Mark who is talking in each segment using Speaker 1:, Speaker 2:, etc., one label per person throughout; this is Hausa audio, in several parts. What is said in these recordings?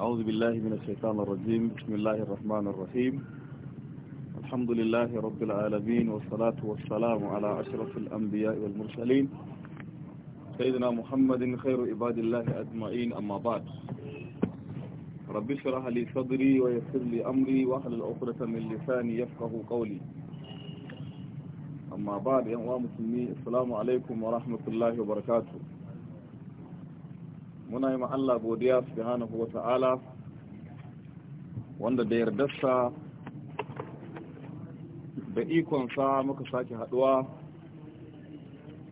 Speaker 1: أعوذ بالله من الشيطان الرجيم بسم الله الرحمن الرحيم الحمد لله رب العالمين والصلاة والسلام على أشرف الأنبياء والمرسلين سيدنا محمد خير عباد الله أجمعين أما بعد رب اشرح لي صدري ويسر لي أمري واحلل عقدة من لساني يفقه قولي أما بعد يا مسلمين السلام عليكم ورحمة الله وبركاته muna yi Allah godiya su hana kuwa ta'ala wanda da yardarsa da ikonsa muka sake haduwa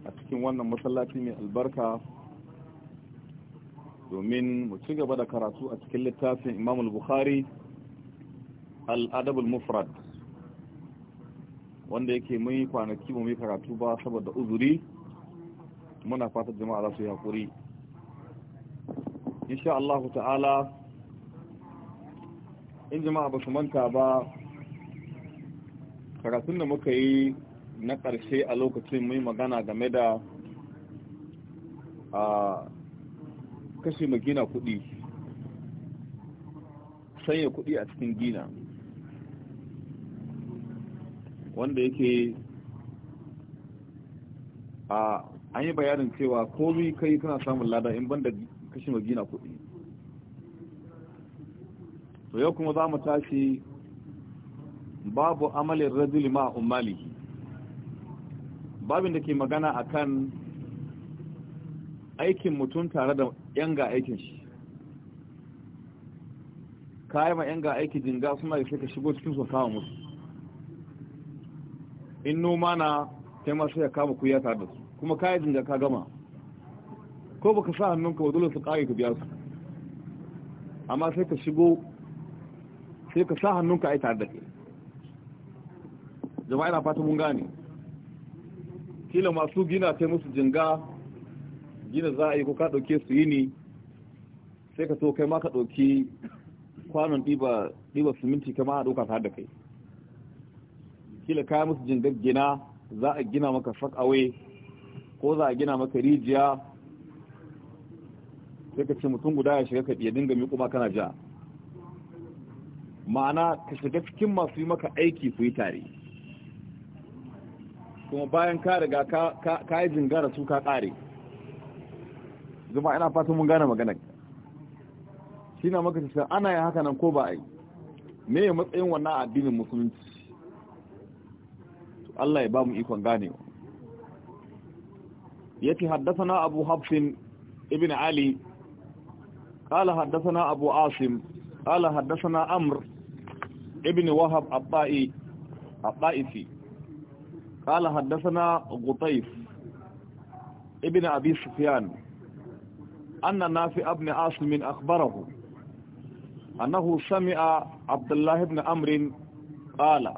Speaker 1: a cikin wannan masallacin mai albarka domin mu ci gaba da karatu a cikin littafin Imam al-Bukhari al'adabul mufrad wanda yake mun yi kwanaki mu yi karatu ba saboda uzuri muna fata jama'a za su yi haƙuri. insha Allah ta'ala in jama'a ba su manta ba karatun da muka yi na ƙarshe a lokacin mai magana game da a kashe gina kuɗi sanya kuɗi a cikin gina wanda yake a an yi bayanin cewa komi kai kana samun lada in banda kashe magina kuɗi to yau kuma za mu tashi babu amalin razili ma umalihi babin da ke magana akan aikin mutum tare da yan ga aikin shi kayan ma ga aiki jinga suna da suka shigo cikin sosa kama musu in noma na taimar ya kama kuya tare da su kuma kayan jinga ka gama ko baka sa hannunka ba dole su kare ka biya su amma sai ka shigo sai ka sa hannunka ai tare da ke jama'a ina fata mun gane kila masu gina kai musu jinga gina za a yi ko ka ɗauke su yi sai ka so kai ma ka ɗauki kwanon ɗiba siminti kai ma a ɗauka tare da kai kila kaya musu jingar gina za a gina maka fakawe ko za a gina maka rijiya sai ka ce mutum guda ya shiga ka ya dinga miƙo ma kana ja ma'ana ka shiga cikin masu yi maka aiki ku yi tare kuma bayan ka riga ka yi jingara su ka ƙare zama ina fatan mun gane maganar shi na maka cikin ana yi haka nan ko ba a yi me ya matsayin wannan addinin musulunci Allah ya ba mu ikon ganewa yake haddasa na abu hafsin ibn ali قال حدثنا أبو عاصم قال حدثنا أمر ابن وهب الطائي الطائفي قال حدثنا غطيف ابن أبي سفيان أن نافع ابن عاصم أخبره أنه سمع عبد الله بن أمر قال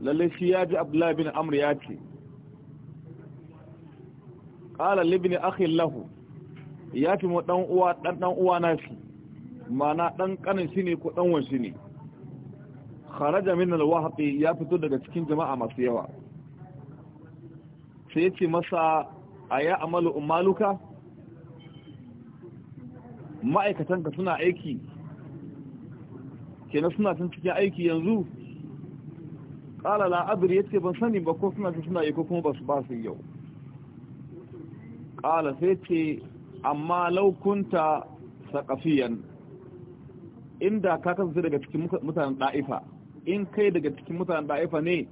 Speaker 1: للسياج عبد الله بن أمر ياتي قال لابن أخي له ya fi mu dan uwa ɗan ɗan uwa na shi mana ɗan ƙanin shi ne ko ɗan shi ne kharaja min al ya fito daga cikin jama'a masu yawa sai ya ce masa aya amalu ummaluka ma'aikatanka suna aiki kenan suna tun cikin aiki yanzu ƙala la'adir ya ce ban sani ba ko suna tun suna yi ko kuma ba su ba su yau ƙala sai ce amma laukunta saƙafiyan inda ka kasance daga cikin mutanen ɗa'ifa in kai daga cikin mutanen ɗa'ifa ne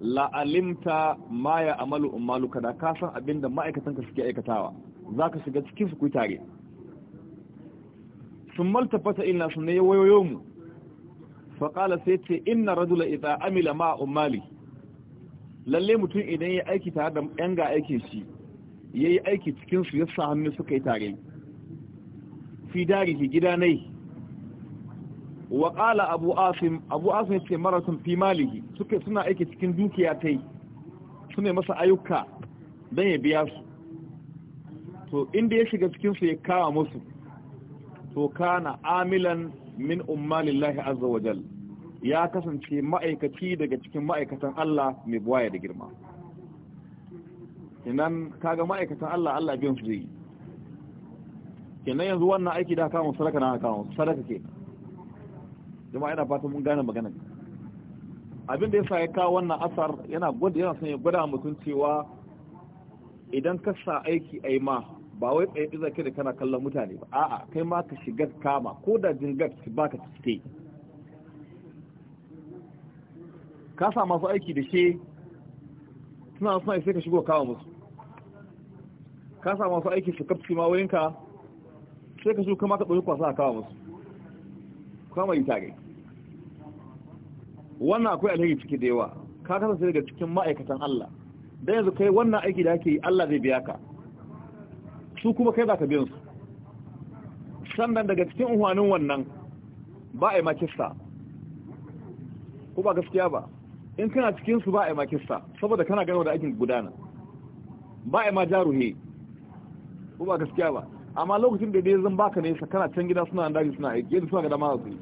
Speaker 1: la'alimta ma ya amalu umaluka kada ka san abin da ma'aikatanka suke aikatawa za ka shiga cikin su kuyi tare sun fata ina su ne wayoyo mu faƙala sai ce ina rajula ita amila ma umali lalle mutum idan ya aiki tare da yan ga aikin shi ya yi aiki cikinsu ya sa hannu suka yi tare fi darihi gida nai waƙala ƙala abu asim abu asim ce marasun fi malihi suka suna aiki cikin dukiya ta yi suna masa ayyuka don ya biya su to inda ya shiga cikinsu ya kawa musu to kana amilan min umarillahi azza ya kasance ma'aikaci daga cikin ma'aikatan Allah mai buwaya da girma ka kaga ma'aikatan Allah Allah biyan su zai kenan yanzu wannan aiki da kama sadaka na kama sadaka ke jama'a ina fatan mun gane magana abin da yasa ya kawo wannan asar yana gwada yana son ya gwada mutum cewa idan ka sa aiki ai ma ba wai tsaye ɗiza ke da kana kallon mutane ba a'a kai ma ka shiga kama ko da jingar ba ka cike ka sa masu aiki da shi suna suna sai ka shigo kawo musu ka sa masu aiki su kafci ma wurinka sai ka su kama ka ɗauki kwasa a kawo musu kama yi tare wannan akwai alheri ciki da yawa ka kasance daga cikin ma'aikatan Allah don yanzu kai wannan aiki da ake yi Allah zai biya ka su kuma kai za ka biyan su sannan daga cikin unhwanin wannan ba a yi makista ko ba gaskiya ba in kana cikinsu ba a yi makista saboda kana gano da aikin gudana ba a yi ma jaruhe ko ba gaskiya ba amma lokacin da dai zan baka ne kana can gida suna an daji suna aiki yadda suna ga dama su yi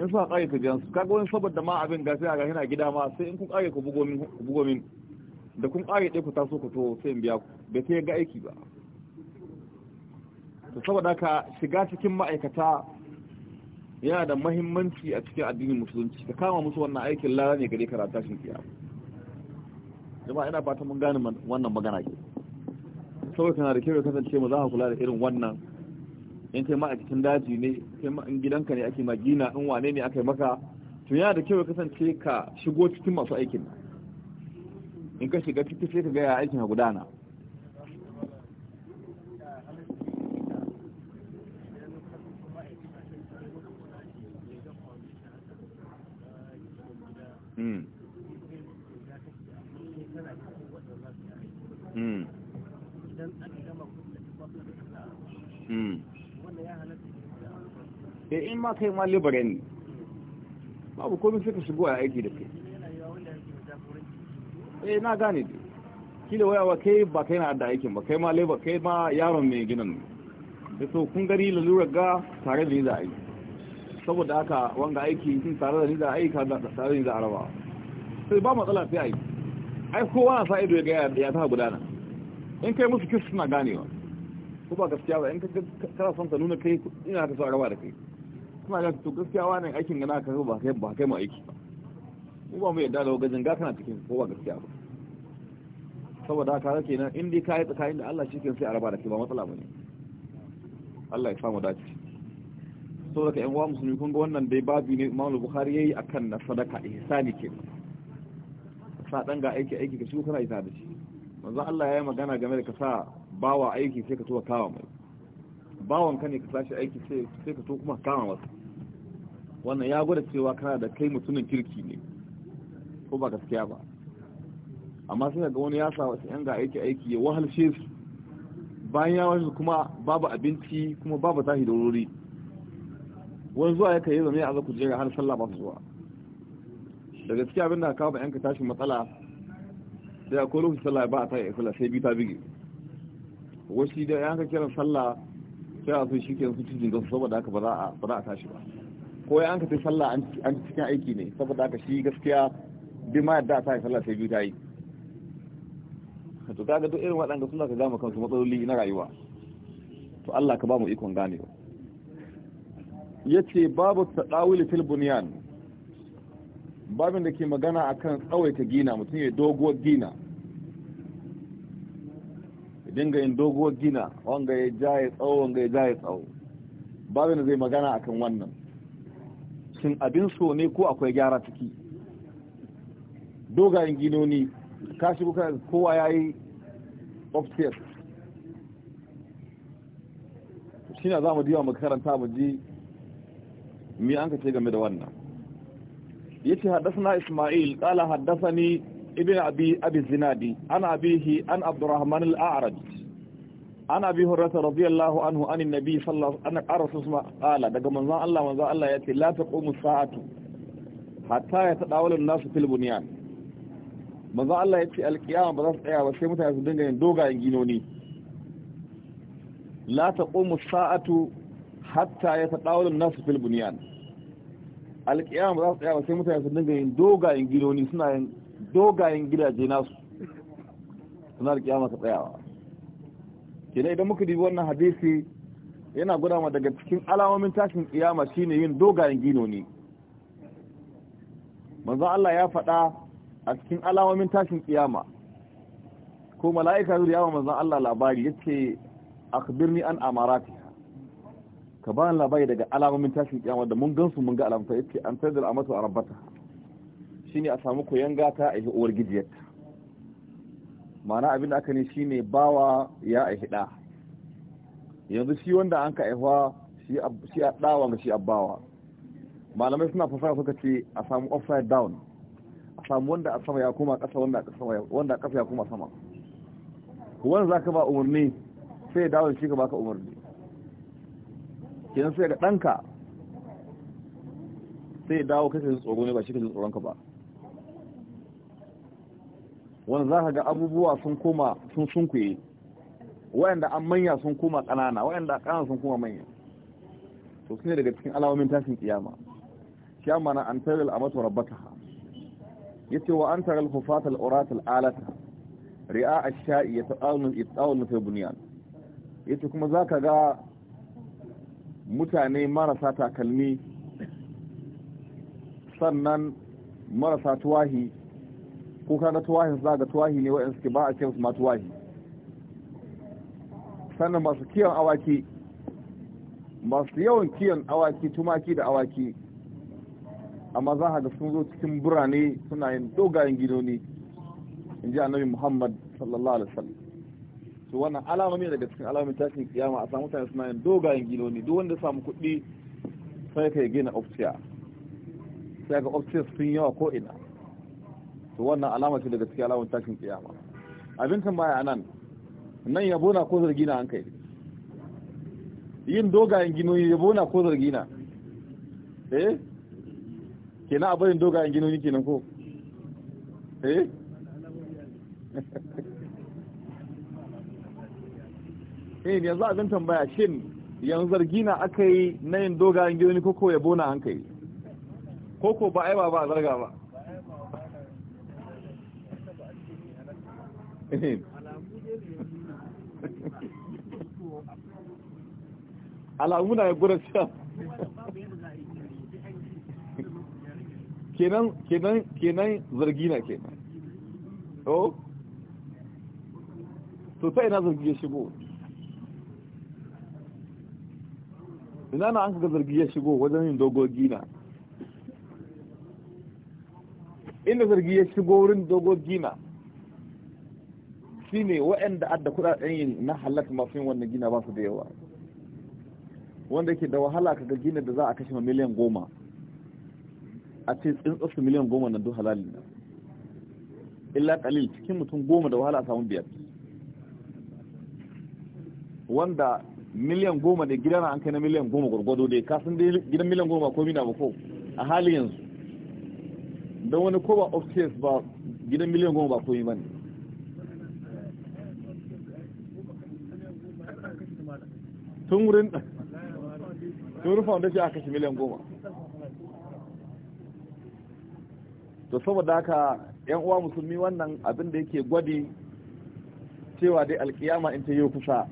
Speaker 1: in suna kare ka jiyan su kaga wani saboda ma abin ga sai a gashi na gida ma sai in kun kare ku bugo min da kun kare ɗaya ku taso ku to sai in biya ku bai sai ga aiki ba to saboda ka shiga cikin ma'aikata yana da mahimmanci a cikin addinin musulunci ka kama musu wannan aikin lara ne gare ka ratashin kiyama jama'a ina fata mun gane wannan magana ke kawai kana da kyau kasance mu za ka kula da irin wannan in kai ma'aikacin daji ne kai ma in gidanka ne ake magina in wane ne aka yi maka to yana da kyau kasance ka shigo cikin masu aikin in ka shiga cikin sai ka gaya aikin gudana da eh, in ma kai ma libare ne babu komai suka shigo a aiki da kai eh na gane shi da wayawa kai ba kai na da aikin ba kai ma leba kai ma yaron mai ginin da so kun gari lalura ga tare da ni za a yi saboda haka wanga aiki sun tare da ni za a yi ka tare da ni za a raba sai ba matsala sai a yi ai kowa na sa ido ya da ya ta gudana in kai musu kiss suna ganewa ko ba gaskiya ba in ka kana son ka nuna kai ina ka so a raba da kai suna ga to gaskiya wannan aikin gana ka ba kai ba kai mu aiki ba mu ba mu yadda da gajin ga kana cikin ko ba gaskiya ba saboda haka haka nan in dai kai tsakanin da Allah shi ke sai araba da ke ba matsala bane Allah ya samu dace so daga yan uwa musulmi kun ga wannan dai babu ne Imam Bukhari yayi akan na sadaka ihsani ke sa dan ga aiki aiki ka shi kana isa da shi manzo Allah ya yi magana game da ka sa bawa aiki sai ka tuwa kawa mai bawon ka ne ka sashi aiki sai ka to kuma kama masa wannan ya gwada cewa kana da kai mutumin kirki ne ko ba gaskiya ba amma sai ga wani ya sa wasu yan ga aiki aiki ya wahalshe su bayan ya wahalshe kuma babu abinci kuma babu tashi da wuri wani zuwa ya kai zama ya aza kujera har sallah ba su zuwa da gaskiya abin da kawo ba yanka tashi matsala sai akwai lokacin sallah ba a ta ya sallah sai bita ta bige wasu da yanka kiran sallah sai a sun shi ke su cikin gasu saboda haka ba za a tashi ba ko ya an ka sallah an cikin aiki ne saboda haka shi gaskiya bi ma yadda a sa sallah sai biyu ta yi to kaga duk irin waɗanda suna ka gama kansu matsaloli na rayuwa to Allah ka ba mu ikon ganewa yace babu tadawil fil bunyan babin da ke magana akan tsawaita gina mutum ya doguwar gina dinga yin doguwar gina wanga ya ja ya tsawo wanga ya ja ya tsawo babin da zai magana akan wannan shin abin so ne ko akwai gyara ciki dogayen ginoni ka shi kowa ya yi upstairs shi na za mu diwa makaranta mu ji mi an ka game da wannan ya ce haddasa ismail Kala haddasa ni ibi abi zinadi an abihi an abdurrahman al'arabi ana bi hurrata radiyallahu anhu an annabi sallallahu alaihi wasallam qala daga manzon Allah manzon Allah yace la taqumu sa'atu hatta yatadawalu an-nasu fil bunyan manzon Allah yace alqiyama ba za su tsaya ba sai mutane su dinga yin dogayen ginoni la taqumu sa'atu hatta yatadawalu an-nasu fil bunyan alqiyama ba za su tsaya ba sai mutane su dinga yin dogayen ginoni suna yin dogayen gidaje nasu suna alqiyama ka tsayawa kenan idan muka dubi wannan hadisi yana gwada ma daga cikin alamomin tashin kiyama shine yin dogayen ginoni ne manzo Allah ya faɗa a cikin alamomin tashin kiyama ko mala'ika zuri yawa manzo Allah labari yace akhbirni an amaratiha ka ba labari daga alamomin tashin kiyama da mun gansu mun ga alamta yace an tadal amatu rabbata shine a samu koyan gata a yi uwar gijiyarta mana abin da aka ne shi ne bawa ya a hida yanzu shi wanda an ka aihuwa shi a dawa ga shi a bawa malamai suna fasaha suka ce a samu upside down a samu wanda a sama ya koma kasa wanda a kasa ya koma sama wanda za ka ba umarni sai ya dawa shi ka baka umarni kenan sai ga ɗanka sai ya dawo kai ka yi tsoro ne ba shi ka jin tsoronka ba wanda za ka ga abubuwa sun koma sun sunkuye wayanda an manya sun koma ƙanana wayanda ƙanana sun koma manya to su ne daga cikin alamomin tashin kiyama kiyama na an tarar amatu rabbataha yace wa an tarar hufatal uratal alata ri'a ash-sha'i yata'awun yata'awun fi bunyan yace kuma zaka ga mutane marasa takalmi sannan marasa tuwahi ko kaga tuwahin za ga tuwahi ne wa'in suke ba a cewa ma tuwahi sannan masu kiyon awaki masu yawan kiyon awaki tumaki da awaki amma za a ga sun zo cikin birane suna yin dogayen gidoni in ji annabi muhammad sallallahu alaihi wasallam to wannan alamomi daga cikin alamomin tashin kiyama a samu mutane suna yin dogayen gidoni duk wanda ya samu kuɗi sai ka gina ofciya sai ga ofciya sun yawa ko ina to wannan alama ce daga cikin alamun tashin kiyama abin tambaya anan nan yabo na ko zargi na an kai yin dogayen ginoyi yabo na ko zargi na eh kenan abarin dogayen ginoyi kenan ko eh eh yanzu abin tambaya shin yanzu zargi na aka yi na yin dogayen ginoni ko ko yabo na an kai ko ko ba aiba ba zarga ba alamu na gura siya kenan kenan kenan zargi na kenan o oh. to ta ina zargi ya shigo ina na an ka zargi ya shigo wajen yin dogogi na inda zargi ya shigo wurin dogogi na shi ne waɗanda adda kudaden yin na halatta masu yin wannan gina ba su da yawa wanda ke da wahala kaga gina da za a kashe miliyan goma a ce tsintsarsu miliyan goma na duk halali na illa kalil cikin mutum goma da wahala a samun biyar wanda miliyan goma da gida na an kai na miliyan goma gwargwado dai kasan dai gidan miliyan goma ko na ba ko a halin yanzu don wani ko ba upstairs ba gidan miliyan goma ba komi ba ne tun wurin tun rufa wanda shi aka shi miliyan goma to saboda haka yan uwa musulmi wannan abin da yake gwadi cewa dai alkiyama in ta yi kusa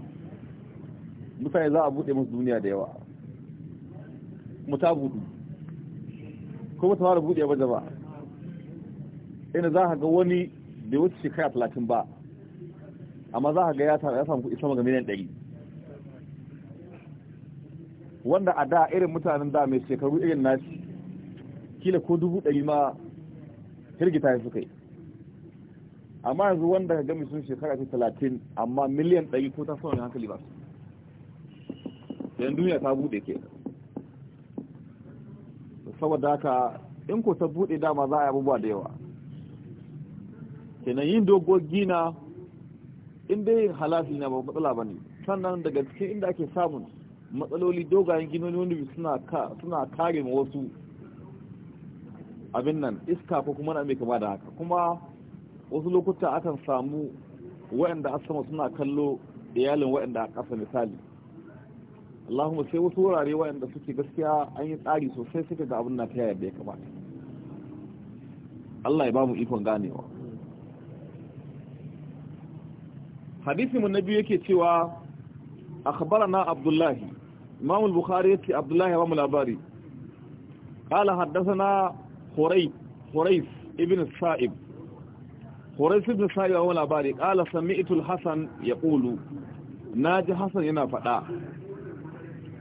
Speaker 1: mutane za a buɗe musu duniya da yawa mu ta buɗu ko ta fara buɗe ba ba ina za a ga wani da wuce shekara talatin ba amma za a ga ya samu kuɗi sama ga miliyan ɗari wanda a da irin mutanen da mai shekaru irin nasi kila ko dubu ɗari ma hirgita ya suka yi amma yanzu wanda ka gami sun shekara ta talatin amma miliyan ɗari ko ta sauran hankali ba su yan duniya ta buɗe ke saboda haka in ko ta buɗe dama za a yi abubuwa da yawa kenan yin dogogi na inda yin halafi na ba matsala ba ne sannan daga cikin inda ake samun matsaloli dogayen ginoni wanda suna kare ma wasu abin nan iska ko kuma na mai kama da haka kuma wasu lokuta akan samu waɗanda a sama suna kallo iyalin waɗanda a ƙasa misali Allahumma sai wasu wurare waɗanda suke gaskiya an yi tsari sosai suka ga abin na ta yaya da ya kamata Allah ya ba mu ikon ganewa hadisi mu na biyu yake cewa akhbarana abdullahi امام البخاري bukhari yace abdullahi ya العباري قال labari خريف خريف ابن الصائب ibn ابن الصائب ibn العباري ya ba الحسن يقول ناجي حسن al-hasan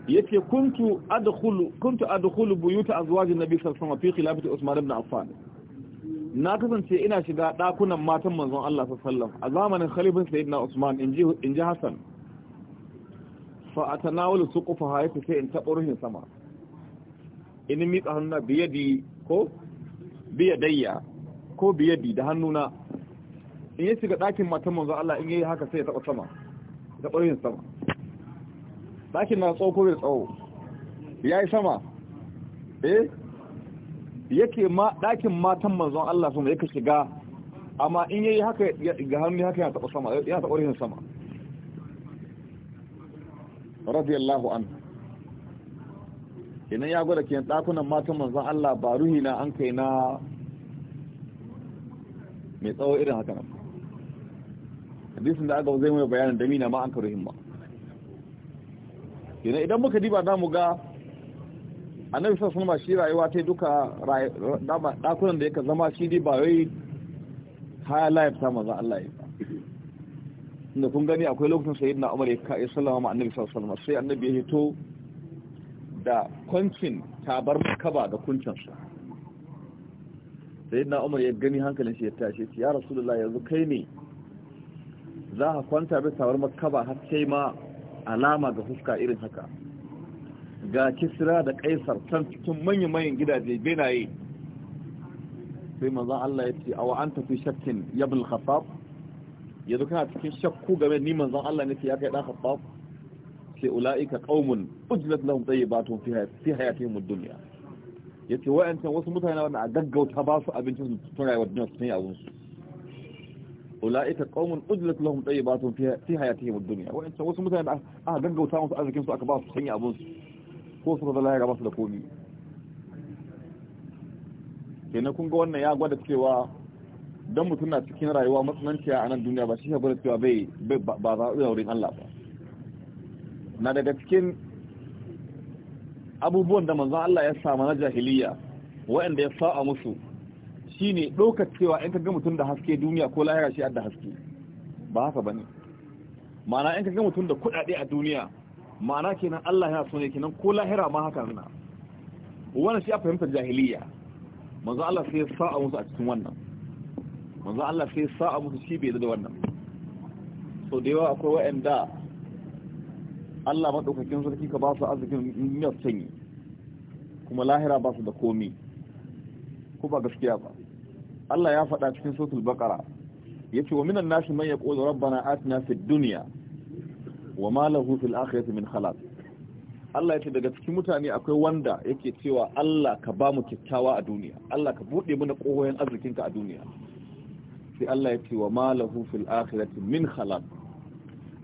Speaker 1: yaqulu كنت ادخل yana ادخل yace kuntu النبي صلى الله عليه وسلم في nabi sallallahu alaihi wasallam na kasance ina shiga dakunan matan manzon Allah sallallahu alaihi wasallam a zamanin khalifin sayyidina usman inji inji Hassan. fa atanawul suqufa haythu sai in taɓa ruhin sama in miƙa hannuna biyadi ko biyadayya ko biyadi da hannuna in yi shiga ɗakin matan manzo Allah in yi haka sai ya taɓa sama taɓa ruhin sama ɗakin na tsawo ko bai tsawo ya yi sama eh yake ma ɗakin matan manzo Allah sun yake shiga amma in yi haka ga hannu haka ya taɓa sama ya taɓa ruhin sama radiyallahu an idan ya gwada ke ɗakunan matan manzan Allah ba ruhi na an kai na mai tsawo irin haka nan hadisin da aka zai mai bayanin damina ma an ka ruhin ba idan idan muka diba za mu ga annabi sa ma shi rayuwa ta duka ɗakunan da yaka zama shi dai ba wai higher life ta manzan Allah ya da kun gani akwai lokacin sayi na umar ya sallama ma annabi sallallahu sai annabi ya hito da kwancin tabar makaba da kuncinsa sayi na umar ya gani hankalin shi ya tashi ya rasulullah yanzu kai ne za a kwanta bai tabar makaba har sai ma alama ga fuska irin haka ga kisra da kaisar can cikin manya-manyan gidaje benaye sai manzan Allah ya ce awa an tafi shakkin yabin khattab yanzu kana cikin shakku game ni manzon Allah nake ya kai da khaffaf sai ulaika qaumun ujlat lahum tayyibatun fi fi hayatihim ad-dunya yace wa'antan wasu mutane wanda a gaggauta ba su abincin su tura rayuwar duniya su tun yawun su ulaika qaumun ujlat lahum tayyibatun fi fi hayatihim ad-dunya wa'antan wasu mutane a gaggauta musu arzikin su aka ba su tun yawun su ko su da lahira ba su da komi kenan kun ga wannan ya gwada cewa don mutum na cikin rayuwa matsananciya a nan duniya ba shi ya bari cewa bai ba za a wurin Allah ba na daga cikin abubuwan da manzan Allah ya sama na jahiliya waɗanda ya sa'a musu shi ne ɗaukar cewa in ka ga mutum da haske duniya ko lahira shi da haske ba haka ba ne ma'ana in ka ga mutum da kuɗaɗe a duniya ma'ana kenan Allah yana so ne kenan ko lahira ma haka nuna wannan shi a fahimtar jahiliya manzan Allah sai ya sa'a musu a cikin wannan manzo Allah sai sa abu shi bai da wannan so da yawa akwai wa'anda Allah maɗaukakin sarki ka ba su arzikin miyar sanyi kuma lahira ba su da komi ko ba gaskiya ba Allah ya faɗa cikin bakara ya ce wa minan nashi man yaqulu rabbana atina fi duniya wa ma lahu fil akhirati min khalaq Allah ya ce daga cikin mutane akwai wanda yake cewa Allah ka ba mu kyakkyawa a duniya Allah ka buɗe mana arzikin arzikinka a duniya sai Allah ya ce wa malahu fil akhirati min khalaq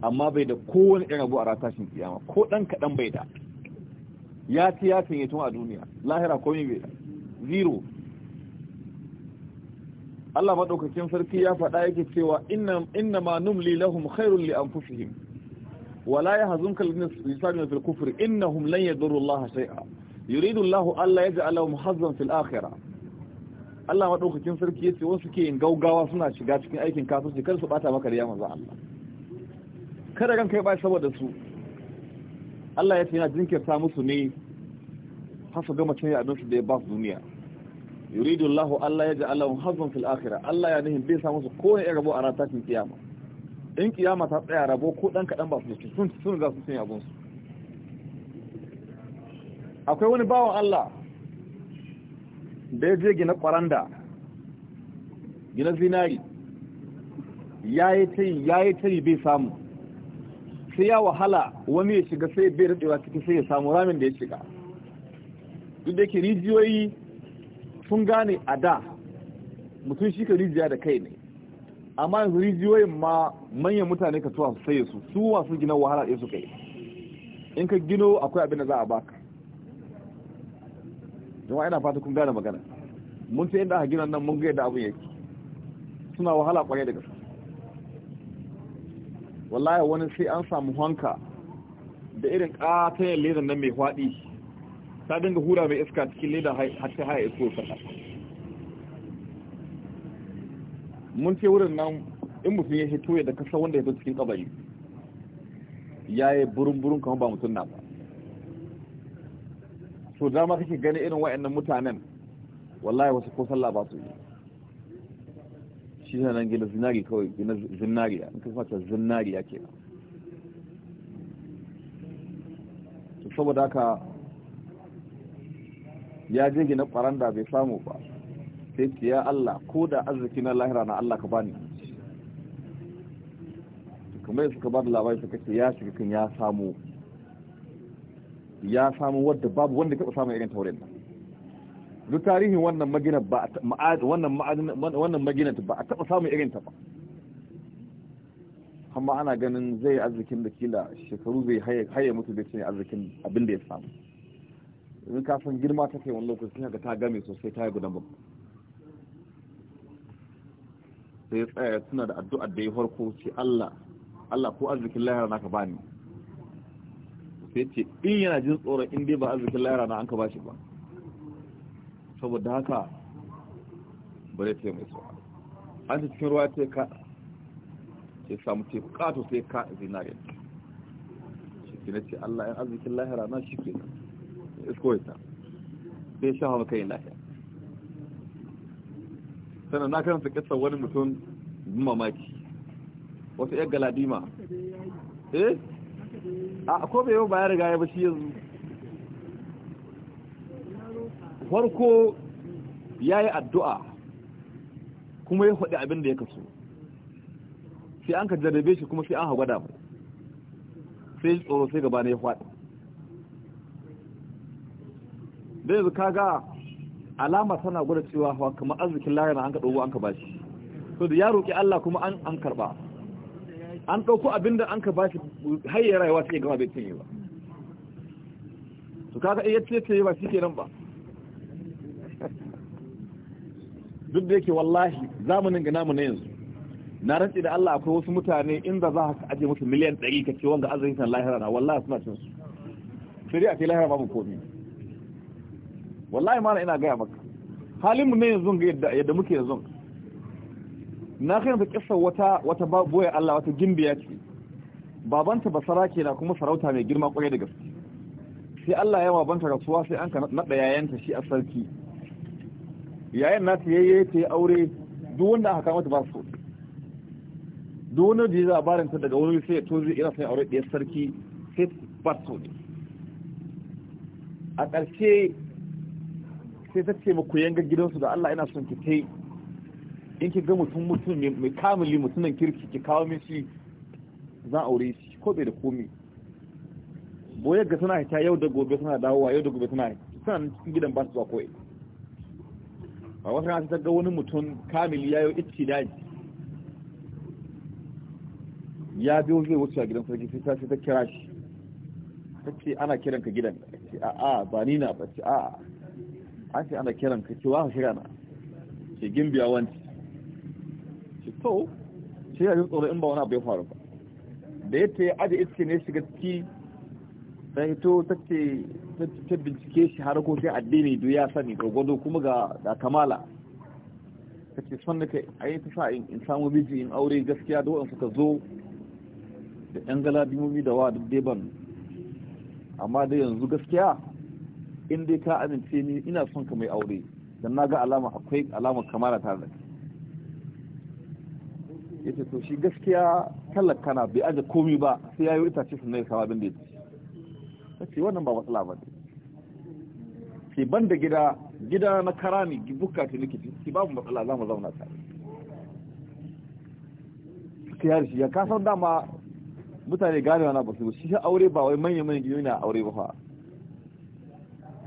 Speaker 1: amma bai da kowane irin abu a ratashin kiyama ko dan kadan bai da ya ci ya tun a duniya lahira komai bai da zero Allah madaukakin sarki ya faɗa yake cewa inna inna ma numli lahum khairul li anfusihim wala yahzunka lisanun fil kufr innahum lan yadurru Allah shay'a yuridu Allah alla yaj'alahum hazzan fil akhirah Allah maɗaukakin sarki ya ce wasu ke yin gaugawa suna shiga cikin aikin kafirci kar su ɓata maka riya manzo Allah kada ran kai ba saboda su Allah ya ce yana jinkirta musu ne har su gama cinye abin su da ya ba su duniya yuridu Allah Allah ya ja'ala lahum hazzan fil akhirah Allah ya nihin bai sa musu ko ya rabo a ranar tashin kiyama in kiyama ta tsaya rabo ko dan kadan ba su sun sun za su cinye abun su akwai wani bawan Allah da ya je gina kwaranda gina zinari ya yi tayi ya yi yi bai samu sai ya wahala wani ya shiga sai bai rikewa ciki sai ya samu ramin da ya shiga duk da ke rijiyoyi sun gane a da mutum shi ka rijiya da kai ne amma yanzu rijiyoyin ma manyan mutane ka tuwa su su su masu gina wahala ɗaya su kai in ka gino akwai abin da za a baka jama'a ina fata kun gane magana mun sai inda aka gina nan mun ga yadda abin yake suna wahala kwarai daga su wallahi wani sai an samu hanka da irin katayen ledan nan mai faɗi ta dinga hura mai iska cikin leda har ta haya isko sana mun ce wurin nan in mutum ya hito ya da kasa wanda ya zo cikin kabari ya yi burin-burin kama ba mutum na ba so dama kake gani irin wa'annan mutanen wallahi wasu ko sallah ba su yi shi ne nan gina zinari kawai gina zinari in kuma zinari zinariya ke saboda ka ya je gina kwaranda bai samu ba sai ce ya Allah ko da arziki na lahira na Allah ka bani kamar suka ba da labari suka ce ya shiga kan ya samu ya samu wadda babu wanda taɓa samun irin taurin nan duk tarihin wannan maginar ba wannan wannan maginar ba a taɓa samun irin ta ba amma ana ganin zai arzikin da kila shekaru zai haye mutu da cin arzikin abin da ya samu in ka san girma ta kai wani lokaci haka ta game sosai ta yi gudan babu sai ya tsaya tuna da addu'ar da ya farko ce Allah Allah ko arzikin lahira naka bani sai ce in yana jin tsoron in dai ba arzikin lahira na an ka bashi ba saboda haka ba zai ce mai tsoron an ta cikin ruwa ce ka ce samu ce kato sai ka zinariya shi ke na ce allah yan arzikin lahira na shi ke ta sai sha hawa kai lahira sannan na karanta kisar wani mutum mamaki wasu yan galadima eh a ko bai yau bayar ya ya ba shi yanzu farko ya yi addu'a kuma ya faɗi abin da ya kaso sai an ka jarrabe shi kuma sai an hagwada mu sai tsoro sai gaba na ya faɗi da yanzu kaga alama tana gwada cewa kamar arzikin layana an ka ɗogo an ka bashi so da ya roƙi Allah kuma an karɓa an ɗauko abin da an ka ba shi hayyar rayuwa ta gama bai cinye ba ka kaga iya ce ce ba shi ke nan ba duk da yake wallahi zamanin ga namu na yanzu na rantsi da Allah akwai wasu mutane inda za ka aje musu miliyan ɗari ka ce wanga san lahira na wallahi suna cin su sai a ce lahira babu komai wallahi mana ina gaya maka halin mu ne yanzu ga yadda muke yanzu na kai da kissa wata wata boye Allah wata gimbiya ce babanta basara ke na kuma sarauta mai girma kwarai da gaske sai Allah ya babanta rasuwa sai an ka naɗa yayanta shi a sarki yayan nata yayye ta yi aure duk wanda aka kama ta ba su duk wani da ya barin ta daga wani sai ya tozi ina sai aure ɗaya sarki sai ba su a ƙarshe sai ta ce maku yanga gidansu da Allah ina son ki ta in ki ga mutum mutum mai kamili mutumin kirki ki kawo min shi zan aure shi ko bai da komi boye ga suna hita yau da gobe suna dawowa yau da gobe suna suna cikin gidan ba su zuwa koyi a wasu rana ta ga wani mutum kamili ya yi itti daji ya biyo zai wuce a gidan sarki sai ta ta kira shi ta ce ana kiran ka gidan ce a a ba ni na ba ce a a an ce ana kiran ka ce wa shiga na ce gimbiya wanci so shi ya tsoro in ba wani abu ya faru ba da ya ta aji iske ne shiga ciki ta hito ta ce ta bincike shi sai addini duk ya sani gwado kuma ga da kamala ta ce son nake ayi ta sa in samu miji in aure gaskiya da waɗanda ka zo da ɗan galabimomi da wa duk deban amma da yanzu gaskiya in dai ka amince ni ina son ka mai aure dan na ga alama akwai alama kamala tare da ya ce to shi gaskiya talaka kana bai aji komi ba sai ya yi itace su nai sama abin da ya ce ya ce wannan ba matsala ba ce ban da gida gida na kara ne bukka ce nake babu matsala za mu zauna tare suka yari shi ya kasar dama mutane gane wana ba su shi aure ba wai manya manyan gini na aure ba fa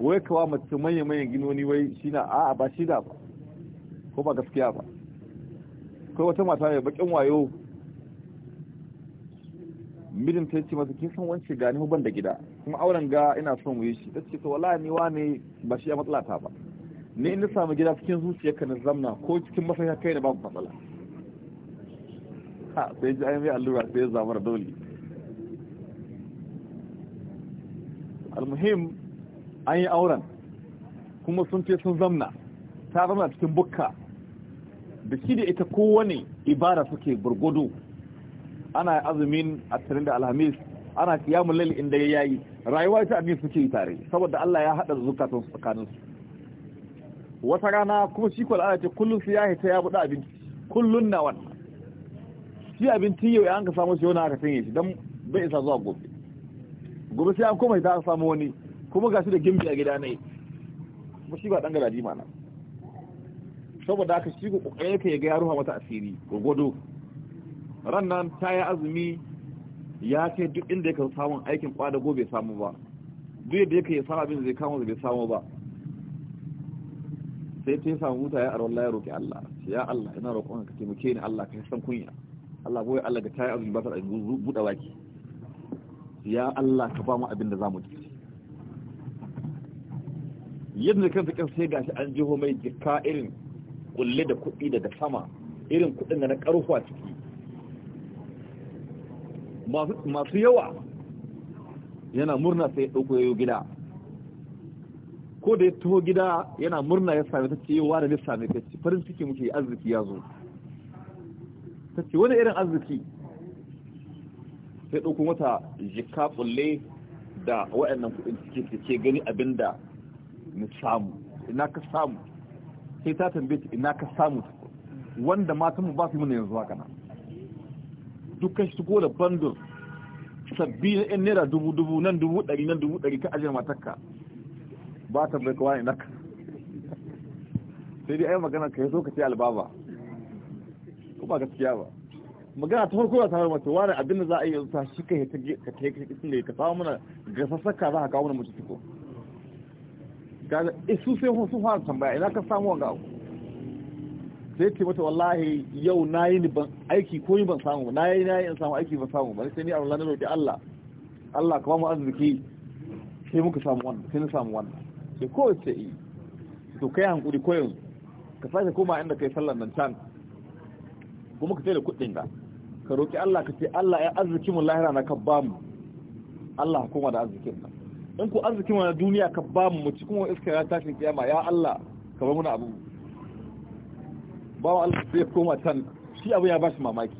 Speaker 1: wai kawa mace manya manyan wani wai shi na a'a ba shi da ba ko ba gaskiya ba kai wata mata mai bakin wayo midin ta ce masa kin san wance gani ban da gida kuma auren ga ina son mu yi shi tace to wala ni wane ba shi ya matsala ta ba ni inda samu gida cikin ka na zamna ko cikin masaya kai da babu matsala ha sai ji ai allura sai ya zamar dole almuhim an yi auren kuma sun ce sun zamna ta zama cikin bukka da shi da ita kowane ibara suke burgudu ana azumin asirin da alhamis ana kiyamun lail inda ya yayi rayuwa ita abin suke yi tare saboda Allah ya haɗa zukatan su tsakanin su wata rana kuma shi kwal ana ce kullum su ya hita ya buɗa abinci kullum na wannan shi abinci yau an ka samu shi wani aka sanya shi don bai isa zuwa gobe gobe sai an koma hita ta samu wani kuma gashi da gimbi a gida ne kuma shi ba ɗan garaji ma nan saboda aka shi kokarin ka ya ga ruwa mata asiri gogodo ran nan ta yi azumi ya ce duk inda yake samun aikin kwada gobe samu ba duk yadda yake ya samu abin zai kama bai samu ba sai ta samu wuta ya arwalla ya roƙi Allah ya Allah ina roƙon ka taimake ni Allah ka san kunya Allah goyi Allah ga tayi azumi ba ta buɗa baki ya Allah ka ba mu abin da zamu ci yadda kanta kan sai gashi an jiho mai jikka irin kulle da kuɗi daga sama irin kuɗin da na ƙarfa ciki masu yawa yana murna sai ya ɗauko yayo gida ko da ya taho gida yana murna ya sami ta ce wa da ya sami ta ce farin ciki muke arziki ya zo ta ce wani irin arziki sai ɗauko mata jika kulle da waɗannan kuɗin ciki ke gani abinda na samu ina ka samu sai ta tambaye ta ina ka samu wanda matanmu ba su mana yanzu haka na dukkan shi ko da bandur sabbi na yan naira dubu dubu nan dubu ɗari nan dubu ɗari ka ajiyar matakka ba ta bai kawai ka sai dai ayi magana ka so ka ce albaba ko ba gaskiya ba magana ta farko da ta harmata wani abin da za a yi yanzu ta shi ka ta ka ta ka ta ka ta mana gasa saka za a kawo mana mutu ka kaga eh, su sai hun sun fara tambaya ina ka samu wanga abu sai ce mata wallahi yau na yi ni ban aiki ko ni ban samu na yi na yi in samu aiki ban samu ba sai ni a rula na roƙi Allah Allah ka mu arziki sai muka samu wannan sai na samu wannan sai ko ce yi eh. to kai hankuri ko yanzu ka sake koma inda kai sallar nan can kuma ka sai da kuɗin ga ka roƙi Allah ka ce Allah ya arziki mu lahira na ka ba mu Allah kuma da arzikin nan in ku arziki mana duniya ka ba mu mutu kuma iska ya tashi kiyama ya Allah ka bar muna abu bawa Allah sai ya koma tan shi abu ya bashi mamaki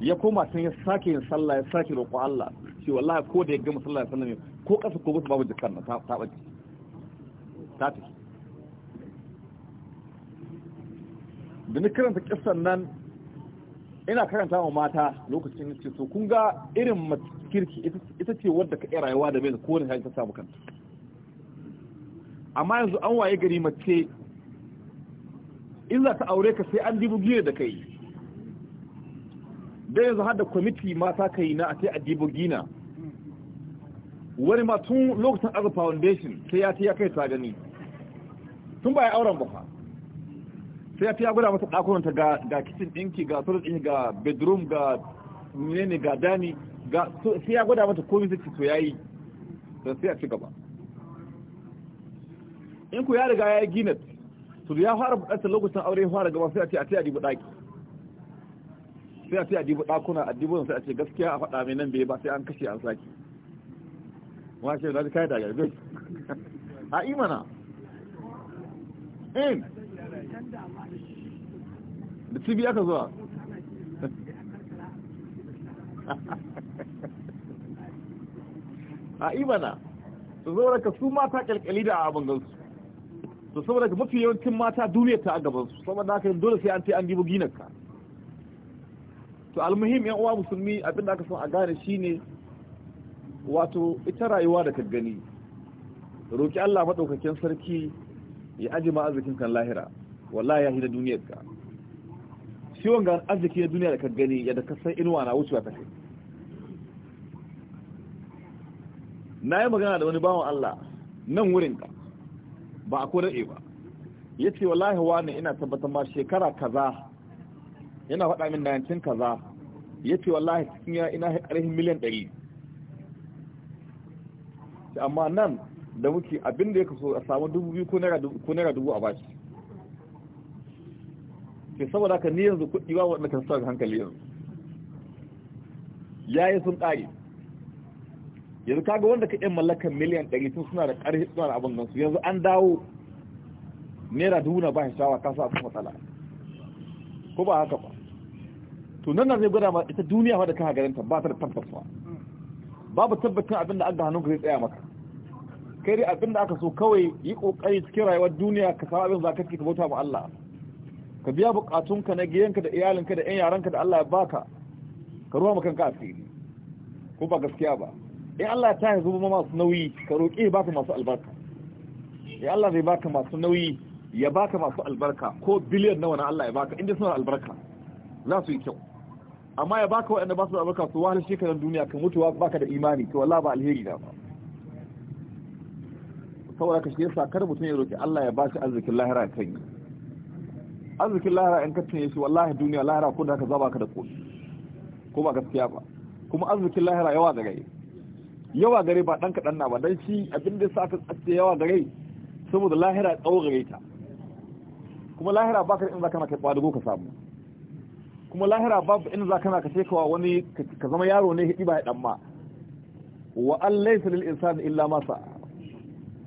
Speaker 1: ya koma tan ya sake yin sallah ya sake roƙo Allah shi wallahi ko da ya gama sallah ya sallame ko ƙasa ko basu babu jikar na ta ɓaci ta da ni karanta kissan nan ina karanta wa mata lokacin ce so kun ga irin mace kirki ita ce wadda ka iya rayuwa da mai da kowane hali ta samu kanta amma yanzu an waye gari mace in za ta aure ka sai an dibu gina da kai da yanzu har da kwamiti mata yi na a sai a dibu gina wani ma tun lokacin arzu foundation sai ya ce ya kai ta gani tun ba ya auren ba sai ya fi ya gwada masa ɗakunanta ga kitchen ɗinki ga toilet ga bedroom ga ne ga dani ga sai ya gwada mata komai sai to yayi dan sai a ci gaba in ku ya riga ya yi gina to ya fara ta lokacin aure ya fara gaba sai a ce a ce a dibu daki sai a ce a dibu dakuna a dibu sai a ce gaskiya a faɗa mai nan bai ba sai an kashe an saki wa ce na ji kai da garbe a imana in da tibi aka zuwa
Speaker 2: a
Speaker 1: ibana su zo ka su mata kalkali da abin gansu su saboda daga mafi yawancin mata duniya ta a gaban su saboda haka dole sai an ce an dibo gina ka to almuhim yan uwa musulmi abinda aka son a gane shine wato ita rayuwa da ka gani roki Allah madaukakin sarki ya aje ma arzikin kan lahira wallahi ya hina duniyar ka ciwon ga arziki na duniya da ka gani yadda ka san inuwa na wucewa ta kai na yi magana da wani bawan Allah nan wurinka ba a kodaɗe ba ya ce wallahi wani ina tabbatar ma shekara kaza yana faɗa min dayancin kaza ya ce wallahi cikin ya ina ƙarfin miliyan ɗari amma nan da muke abin da ya kaso a samu dubu biyu ko naira dubu a bashi ke saboda ka ni yanzu kuɗi ba waɗanda kan sa hankali yanzu ya yi sun ƙari yanzu kaga wanda ka yan mallakan miliyan 100 suna da ƙarfi suna da abin nan su yanzu an dawo naira dubu na bashi shawa kasa a kuma tsala ko ba haka ba to nan na zai gwada ma ita duniya wadda ka hagarinta ba ta da tabbatuwa babu tabbatin abin da aka hannun ka zai tsaya maka kai dai abin da aka so kawai yi kokari cikin rayuwar duniya ka samu abin zaka ka bauta ma Allah ka biya bukatunka na ka da iyalinka da yan yaranka da Allah ya baka ka ruwa makanka asiri ko ba gaskiya ba in Allah ta yanzu ba masu nauyi ka roƙi ya baka masu albarka in Allah zai baka masu nauyi ya baka masu albarka ko biliyan nawa na Allah ya baka inda suna albarka za su yi kyau amma ya baka waɗanda ba su albarka su wahal shekarar duniya ka mutuwa baka da imani to wallahi ba alheri da ba saboda ka shi yasa kar mutum ya roƙi Allah ya bashi arzikin lahira ya yi arzikin lahira in ka tunye shi wallahi duniya lahira ko da ka zaba ka da koshi ko ba gaskiya ba kuma arzikin lahira yawa da gai yawa gare ba ɗan kaɗan na ba don shi abin da sa ka tsaye yawa gare saboda lahira tsawo gare ta kuma lahira ba ka in za kana kai ƙwadago ka samu kuma lahira babu in za kana ka shekawa wani ka zama yaro ne hidi ba ya ɗan ma wa an laisa lil insani illa masa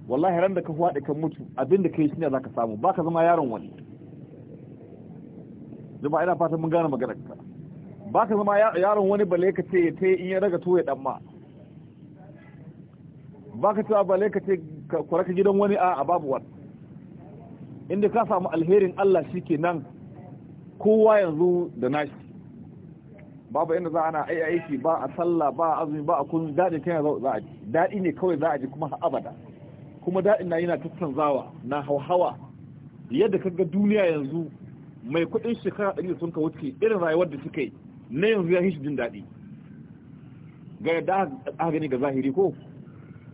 Speaker 1: wallahi ran da ka faɗi kan mutu abin da shi shine za ka samu ba ka zama yaron wani jama'a ina fatan mun gane maganarka ka ba ka zama yaron wani balle ka ce ya ta in ya raga to ya ɗan ma ba ka cewa bale ka ce kwaraka gidan wani a babu wani inda ka samu alherin Allah shi ke nan kowa yanzu da nashi babu yadda za ana ai aiki ba a sallah ba a azumi ba a kun daɗin kan za a ji daɗi ne kawai za a ji kuma abada kuma daɗi na yana tattanzawa na hauhawa yadda ka ga duniya yanzu mai kuɗin shekara ɗari da sun ka wuce irin rayuwar da suka yi na yanzu ya yi shi jin daɗi ga yadda aka gani ga zahiri ko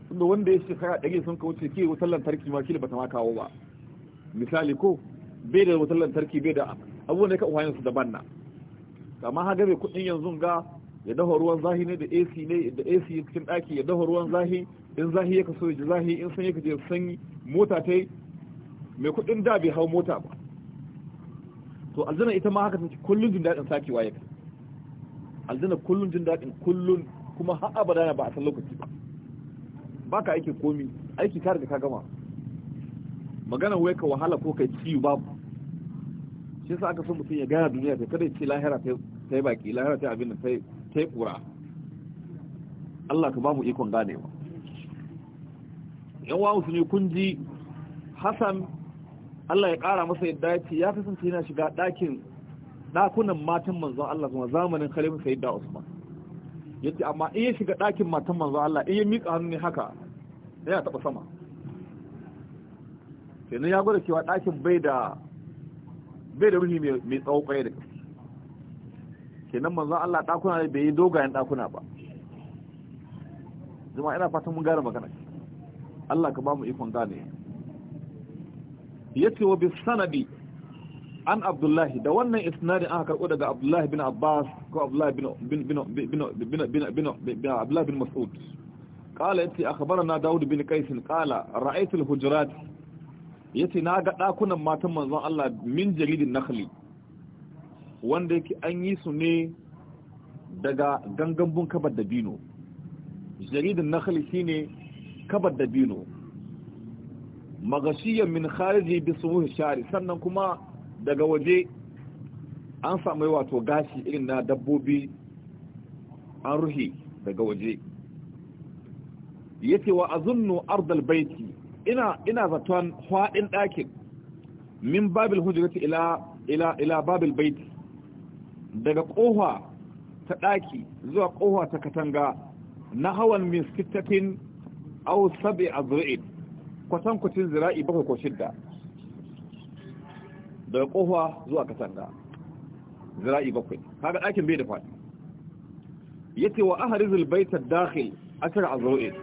Speaker 1: tunda wanda ya shekara ɗari sun ka wuce ke wutar lantarki ma kila ba ta kawo ba misali ko bai da wutar lantarki bai da abubuwan da ka uwayen su daban na amma ha gabe kuɗin yanzu ga ya dafa ruwan zahi ne da AC ne da AC cikin ɗaki ya dafa ruwan zahi in zahi ya kaso ji zahi in sanyi ka je sanyi mota ta yi mai kuɗin da bai hau mota ba to aljanna ita ma haka take kullun jin daɗin sakewa yake aljanna kullun jin daɗin kullun kuma har abada ba a san lokaci ba baka aiki komi aiki ka riga ka gama magana wai ka wahala ko kai ciwo babu shi yasa aka san mutum ya gaya duniya sai kada ce lahira ta yi baki lahira ta abin da ta yi kura Allah ka ba mu ikon ganewa yan wawo sun yi kunji Hassan Allah ya kara masa yadda ya ce ya kasance yana shiga ɗakin ɗakunan matan manzon Allah kuma zamanin khalifa sayyidina Usman yace amma in ya shiga ɗakin matan manzon Allah in ya miƙa hannu ne haka ya taɓa sama kenan ya gwada cewa ɗakin bai da bai da ruhi mai tsawo kwaye da ƙasa kenan manzan Allah ɗakuna ne bai yi dogayen ɗakuna ba zama ina fatan mun gane magana Allah ka ba mu ikon gane ce wa bi sanadi an abdullahi da wannan isnadin aka karɓo daga abdullahi bin abbas ko abdullahi bin bin bin bin قال يتي أخبرنا داود bin قيس kala رأيت الهجرات يتي ناقا داكونا ما تمنظر الله من جليد النخل wanda yake an yi su ne daga gangan kabar da bino jaridin shine kabar da bino magashiyan min khariji bi suhuhi shari sannan kuma daga waje an sami wato gashi irin na dabbobi an ruhe daga waje yace wa a zunnu ardal baiti ina zaton fadin ɗakin min babil hujjata ila ila ila babil baiti daga kofa ta ɗaki zuwa kofa ta katanga na hawan min sittatin aw sab'i azra'in kwatan kucin zira'i bakwai ko shidda daga kofa zuwa katanga zira'i bakwai kaga ɗakin bai da fadi yace wa ahrizul baita dakhil ashar azra'in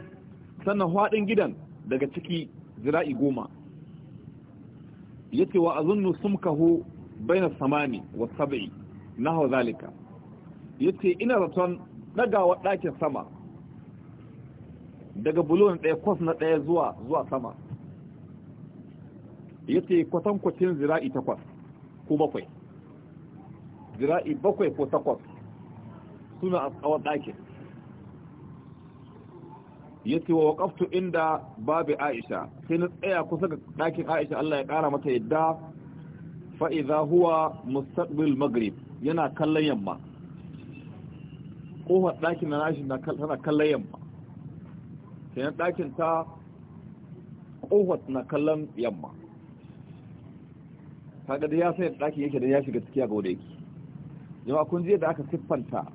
Speaker 1: sannan haɗin gidan daga ciki zira'i goma ce wa sun kaho baina samani wa na hau zalika ce ina zaton dagawa ɗakin sama daga bulon ɗaya kwas na ɗaya zuwa zuwa sama ce kwatankwacin zira'i takwas ko bakwai zira'i bakwai ko takwas suna a tsawon ɗakin yace wa waqaftu inda babu Aisha sai na tsaya kusa ga dakin Aisha Allah ya kara mata yadda fa idha huwa mustaqbil maghrib yana kallon yamma kofar dakin na nashi tana kallon yamma sai na dakin ta kofar na kallon yamma kaga da ya sai dakin yake da ya shiga cikiya ga wanda yake jama'a kun je da aka siffanta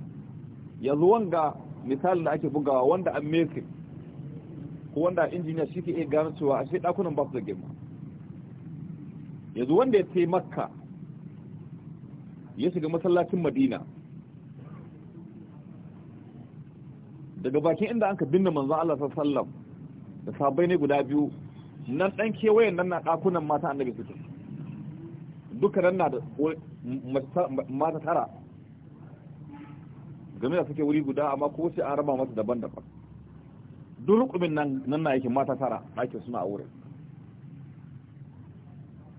Speaker 1: yanzu wanga misalin da ake bugawa wanda an mesin ko wanda injiniya shi ke iya gano cewa a shi dakunan ba su da girma yanzu wanda ya ce makka ya shiga masallacin madina daga bakin inda an ka binne manzo Allah Wasallam da sabai ne guda biyu nan ɗan kewayen nan na ɗakunan mata annabi suke duka nan na da mata tara game da suke wuri guda amma ko sai an raba masa daban-daban duk rukumin nan nan na yake mata tara ɗakin suna a wurin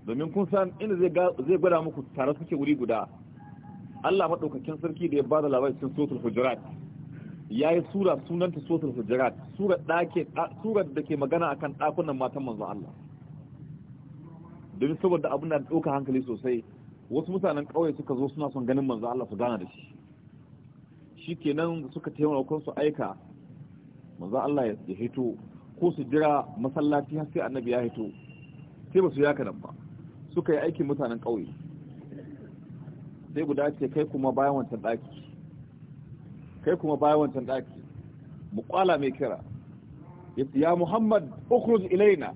Speaker 1: domin kun san inda zai gwada muku tare suke wuri guda Allah maɗaukakin sarki da ya ba da labarin cikin sotul hujurat ya yi sura sunanta sotul hujurat surar da ke magana akan ɗakunan matan manzo Allah domin saboda abin da ɗauka hankali sosai wasu mutanen ƙauye suka zo suna son ganin manzo Allah su gana da shi shi kenan suka taimaka su aika manzon Allah ya hito ko su jira masallaci har sai annabi ya hito sai ba su yaka nan ba suka yi aikin mutanen ƙauye sai guda ce kai kuma bayan wancan ɗaki kai kuma bayan wancan ɗaki kwala mai kira ya muhammad ukhruj ilaina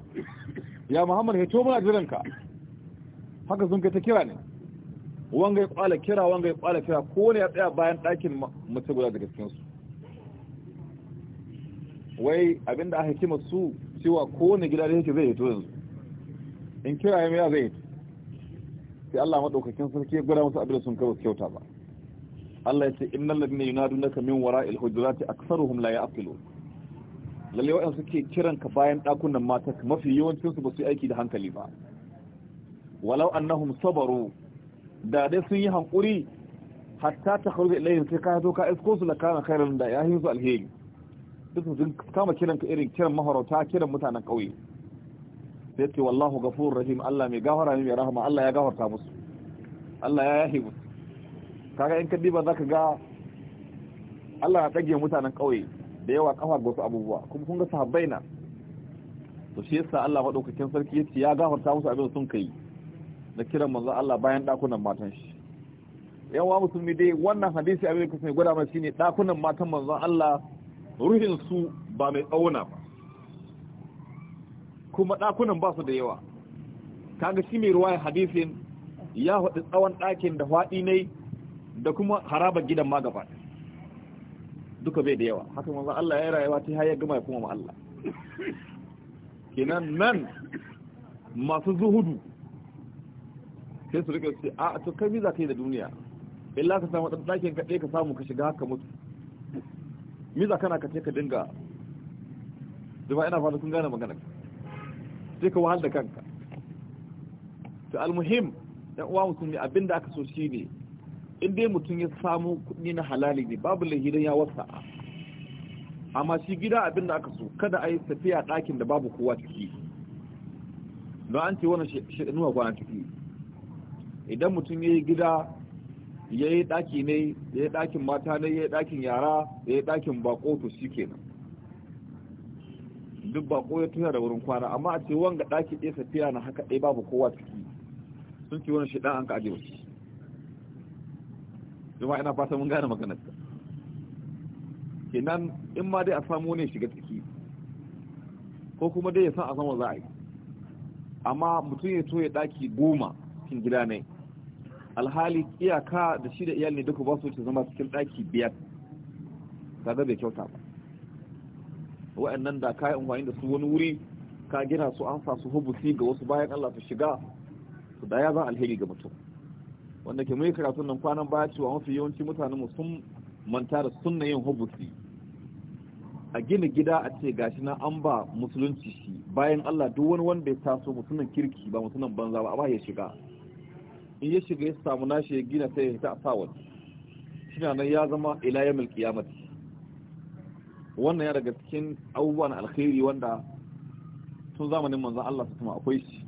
Speaker 1: ya muhammad hito mana ka haka sun kai ta kira ne wanga ya kwala kira wanga ya kwala kira ko ne ya tsaya bayan ɗakin mace guda daga cikinsu wai abinda aka kima su cewa kowane gida da yake zai hito yanzu in kira ya mera zai hito sai Allah maɗaukakin sarki ya gwada musu abin da sun kawai kyauta ba Allah ya ce innal ladina yunadunaka min wara'il hujurati aktharuhum la ya'qilun lalle wa'an ke kiran ka bayan dakunan mata mafi yawancinsu su ba su aiki da hankali ba walau annahum sabaru da dai sun yi hankuri hatta ta kharuja ilayhi sai ka zo ka isko su la kana khairan da yahin su alheri duk mutum kama kiran ka irin kiran maharauta kiran mutanen ƙauye sai ce wallahu gafurur rahim Allah mai gafara ne mai rahama Allah ya gafarta musu Allah ya yahi musu kaga in ka diba zaka ga Allah ya tsage mutanen ƙauye da yawa kafa ga wasu abubuwa kuma kun ga sahabbai na to shi yasa Allah madaukakin sarki yace ya gafarta musu abin sun kai na kiran manzo Allah bayan dakunan matan shi yawa musulmi dai wannan hadisi abin da kusa gwada mai shine dakunan matan manzo Allah ruhinsu ba mai tsauna ba kuma ɗakunan ba su da yawa kaga shi mai ruwaya hadisin ya haɗu tsawon ɗakin da haɗi ne da kuma harabar gidan ma gaba duka bai da yawa haka manzo Allah ya rayuwa ta hayar gama ya kuma ma Allah kenan nan masu zuhudu sai su rike su a to kai za ka da duniya illa ka samu ɗan ɗakin kaɗai ka samu ka shiga haka mutu miza kana ka ce ka dinga zuba ina fata sun gane magana sai ka wahal da kanka to almuhim ɗan uwa musulmi abinda aka so shi ne in mutum ya samu kuɗi na halali ne babu lahidan ya wasa amma shi gida abinda aka so kada a yi tafiya ɗakin da babu kowa ciki don an ce wani shaɗanuwa kwana ciki idan mutum ya yi gida ya yi ɗaki ne ya yi ɗakin mata ne ya yi ɗakin yara ya yi ɗakin bako to shi kenan duk bako ya tuna da wurin kwana amma a ce wanga ɗaki ɗaya safiya na haka ɗaya babu kowa ciki sun ci wani shiɗan an ka ajiye wasu jama'a ina fata mun gane maganar ta kenan in ma dai a samu ne shiga ciki ko kuma dai ya san a zama za'a za a yi amma mutum ya ya ɗaki goma cikin gida ne alhali iyaka da shi da iyali duka ba su ce zama cikin ɗaki biyar kaga bai kyauta ba wa'annan da kayan amfani da su wani wuri ka gina su an su hubusi ga wasu bayan Allah su shiga su da zan alheri ga mutum wanda ke mai karatun nan kwanan baya cewa mafi yawanci mutanen mu sun manta da sunna yin hubusi a gina gida a ce gashi na an ba musulunci shi bayan Allah duk wani wanda ya taso mutumin kirki ba mutumin banza ba a ba ya shiga in ya shiga ya samu nashi ya gina sai ya hita a sawar na nan ya zama ilayen milkiyamati wannan ya daga cikin abubuwan alkhairi wanda tun zamanin manzan Allah su kuma akwai shi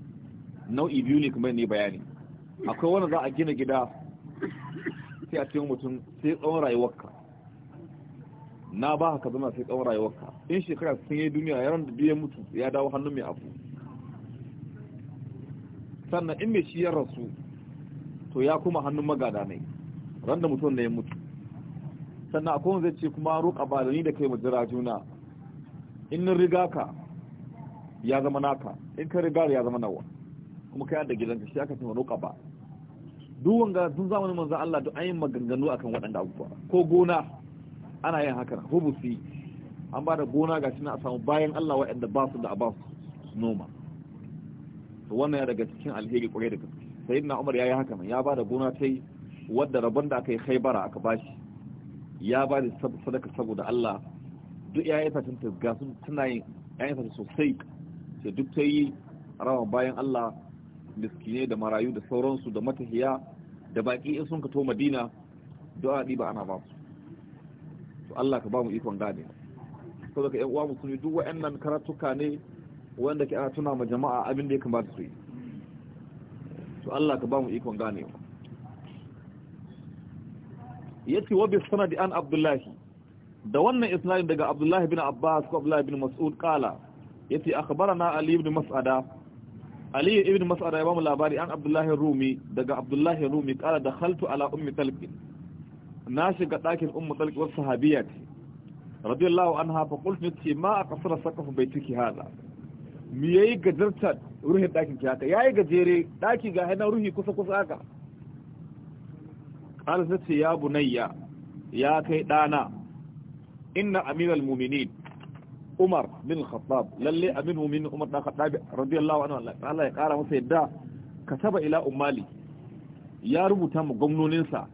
Speaker 1: nau'i biyu ne kuma ne bayani akwai wanda za a gina gida sai a cikin mutum sai tsawon rayuwarka na ba haka zama sai tsawon rayuwarka in shekara sun yi duniya yaran da biyan mutu ya dawo hannun mai abu sannan in mai shi ya rasu to ya kuma hannun magada ne ran da mutum da ya mutu sannan a kowane zai ce kuma roƙa ba da ni da kai majira juna in riga ka ya zama naka in ka riga ya zama nawa kuma kai da gidanka shi aka ce roƙa ba duk wanga sun zamani manzan Allah duk an yi maganganu akan waɗanda abubuwa ko gona ana yin haka hubusi an ba da gona ga na a samu bayan Allah wa'anda ba su da a ba su noma to wannan ya daga cikin alheri kwarai da gaske sayyidina umar yayi haka ya ya da gona tai wadda rabon da aka yi khaybara aka bashi ya ba da sadaka saboda Allah duk yayi fatin ta ga sun tana yin yayi fatin sosai sai duk ta yi rawa bayan Allah miskine da marayu da sauransu da matahiya da baki in sun ka to Madina du'a ba ana ba su to Allah ka ba mu ikon gane saboda ka ƴan uwa yi duk wa'annan karatuka ne wanda ke ana tuna ma jama'a abin da ya kamata su yi to Allah ka ba mu ikon ganewa yace wa bi sanadi an abdullahi da wannan isnadin daga abdullahi bin abbas ko abdullahi bin mas'ud kala yace akhbarana ali ibn mas'ada ali ibn mas'ada ya ba mu labari an abdullahi rumi daga abdullahi rumi kala da khaltu ala ummi talq na shiga dakin ummu talq wa sahabiyat radiyallahu anha fa qultu ma aqsara saqaf baytiki hada mi yayi gadartar ruhin ɗakin ki haka yayi gajere ɗaki ga hannun ruhi kusa kusa haka qala sai ce ya bunayya ya kai ɗana inna amiral mu'minin Umar bin Khattab lalle amin mu'minin Umar da Khattab radiyallahu anhu Allah ya kara masa yadda kataba ila ummali ya rubuta mu gwamnoninsa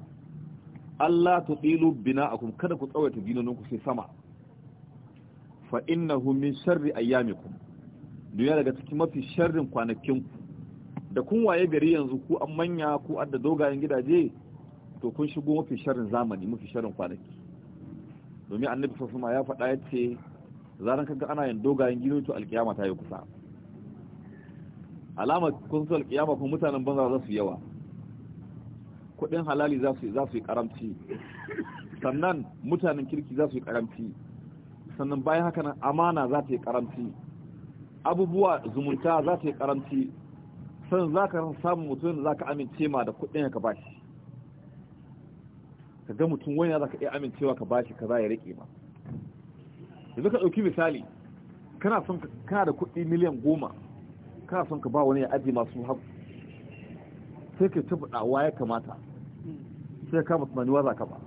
Speaker 1: Allah tudilu bina'akum kada ku tsawaita ginoninku sai sama fa innahu min sharri ayyamikum duniya daga cikin mafi sharrin kwanakin da kun waye gari yanzu ku an manya ku adda dogayen gidaje to kun shigo mafi sharrin zamani mafi sharrin kwanaki domin annabi sosuma ya faɗa ya ce zaran kaga ana yin dogayen gini to alkiyama ta yi kusa alama kun so alkiyama kuma mutanen banza za su yawa kuɗin halali za su yi karamci sannan mutanen kirki za su yi karamci sannan bayan haka nan amana za ta yi karamci abubuwa zumunta za ta yi karanci san za ka samun mutum da za ka amince ma da kudin ka bashi ka ga mutum wani za ka iya amincewa ka bashi ka za ya riƙe ma yanzu ka ɗauki misali kana son kana da kudi miliyan goma kana son ka ba wani ya aji masu hagu sai ka ta ɗawa ya kamata sai ka kama manuwa za ka ba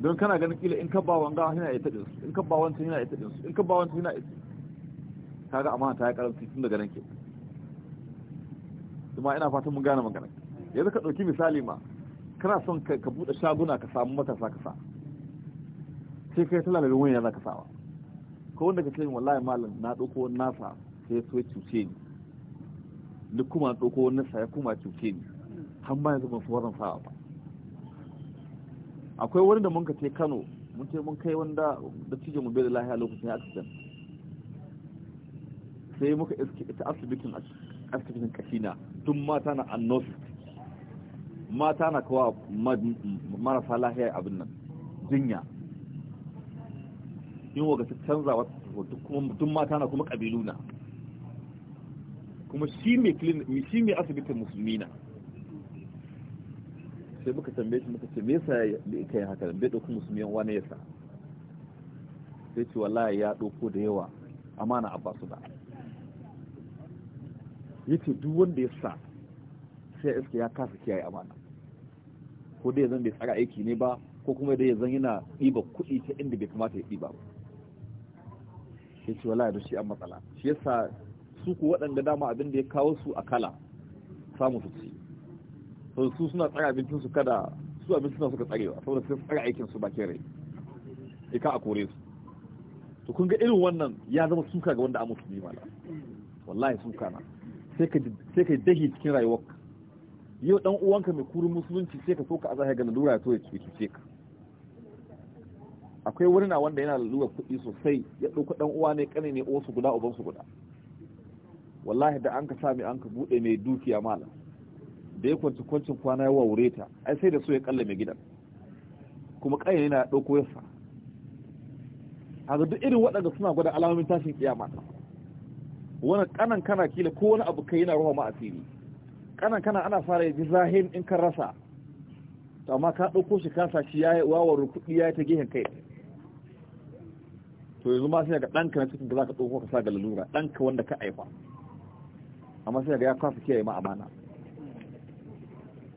Speaker 1: don kana ganin kila in ka ba wanga yana ita ɗinsu in ka ba wancan yana ita ɗinsu in ka ba wancan yana ita kaga amana ta yi karanci tun daga nan ke kuma ina fatan mun gane magana yanzu ka ɗauki misali ma kana son ka buɗe shaguna ka samu matasa ka sa sai kai tala daga wani yana ka sawa ko wanda ka ce min wallahi malam na ɗauko nasa sai so ya cuce ni ni kuma doko nasa ya kuma cuce ni har ma yanzu ban so wannan sawa ba akwai wani da mun ka ce Kano mun ce mun kai wanda da cije mu bai da lahiya lokacin accident sai muka iske ita asibitin asibitin kashina tun mata na annosis mata na kawa marasa lahiyar abin nan jinya yin waga ta canza wata kuma tun mata na kuma ƙabilu na kuma shi mai asibitin musulmi na sai muka tambaye shi muka ce me yasa ya kai haka bai ɗauki yan wani yasa sai ce wallahi ya ɗauko da yawa amana abbasu da yace duk wanda ya sa sai iska ya kasa kiyaye amana ko dai zan bai tsara aiki ne ba ko kuma dai zan yana ɗiba kuɗi ta inda bai kamata ya ɗiba ba yace wallahi da shi an matsala shi yasa su ku waɗanda dama abin da ya kawo su a kala samu su ci so su suna tsara abincin su kada su abincin suna suka tsarewa saboda sai tsara aikin su bakin rai ika a kore su to kun ga irin wannan ya zama suka ga wanda a musulmi mala wallahi suka na sai ka dahi cikin rayuwarka yau dan uwanka mai kurin musulunci sai ka so ka azaha ga lalura to ya cuce ka akwai wani na wanda yana lura kuɗi sosai ya ɗauka dan uwa ne kane ne uwansu guda su guda wallahi da an ka sami an ka buɗe mai dukiya malam da ya kwanci kwancin kwana ya waure ta ai sai da so ya kalla mai gidan kuma ne yana ɗauko yasa a duk irin waɗanda suna gwada alamomin tashin kiyama wani kanan kana kila ko wani abu kai yana ruwa ma'asiri asiri kanan kana ana fara yaji zahim in ka rasa amma ka ɗauko shi ka sashi ya yi wawar kudi ya yi ta gehen kai to yanzu ma sai ga ɗanka na cikin da za ka ɗauko ka sa ga lalura ɗanka wanda ka aifa amma sai ga ya kwasa kiyaye ma amana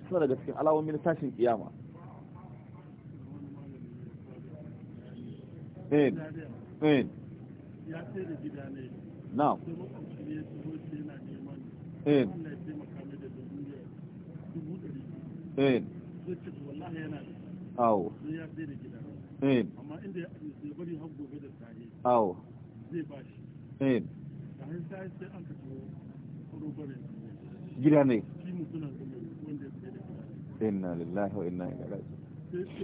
Speaker 1: suna daga cikin alawomi na tashin kiyama
Speaker 2: Eh, eh.
Speaker 3: ya ce da gida ne na'am in! in! awo in! amma in! ya bari
Speaker 1: gida ne inna lillahi wa inna ilaihi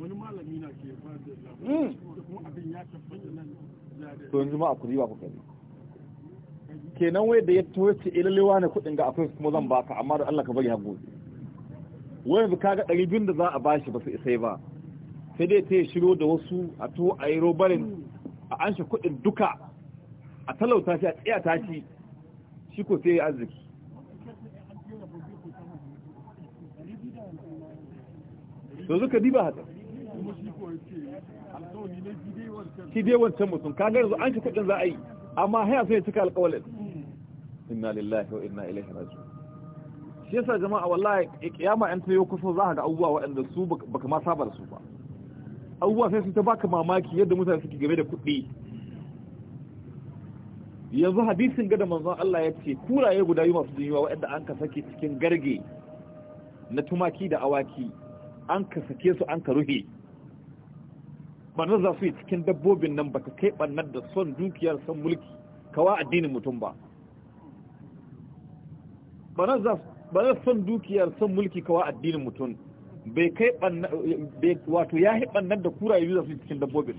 Speaker 3: wani malami na ke ba da hmm. kuma abin
Speaker 1: ya nan kenan wai da ya toye ce ilalewa eh, ne kuɗin ga akwai kuma zan baka amma da Allah ka bari hagu wai yanzu kaga ɗari biyun da za a bashi ba su isai ba sai dai ta shiro da wasu a to a yi robarin a an shi kuɗin duka a talauta shi a ta shi shi ko sai ya arziki
Speaker 2: to zuka diba haka
Speaker 3: shi
Speaker 1: wancan mutum ka gani an ci kudin za a yi amma haya sai cika alƙawalin inna lillahi wa inna ilaihi raji'un shi yasa jama'a wallahi kiyama an tayo kusa za ka ga abubuwa waɗanda su baka ma saba da su ba abubuwa sai su ta baka mamaki yadda mutane suke game da kuɗi yanzu hadisin ga da manzon Allah ya ce kuraye guda yi masu jinyuwa waɗanda an ka sake cikin garge na tumaki da awaki an ka sake su an ka rufe. ba na zafi cikin dabbobin nan ba ta kai barnar da son dukiyar son mulki kawa addinin mutum ba na son dukiyar son mulki kawa addinin mutum bai kai wato ya yi barnar da kura yi zafi cikin dabbobin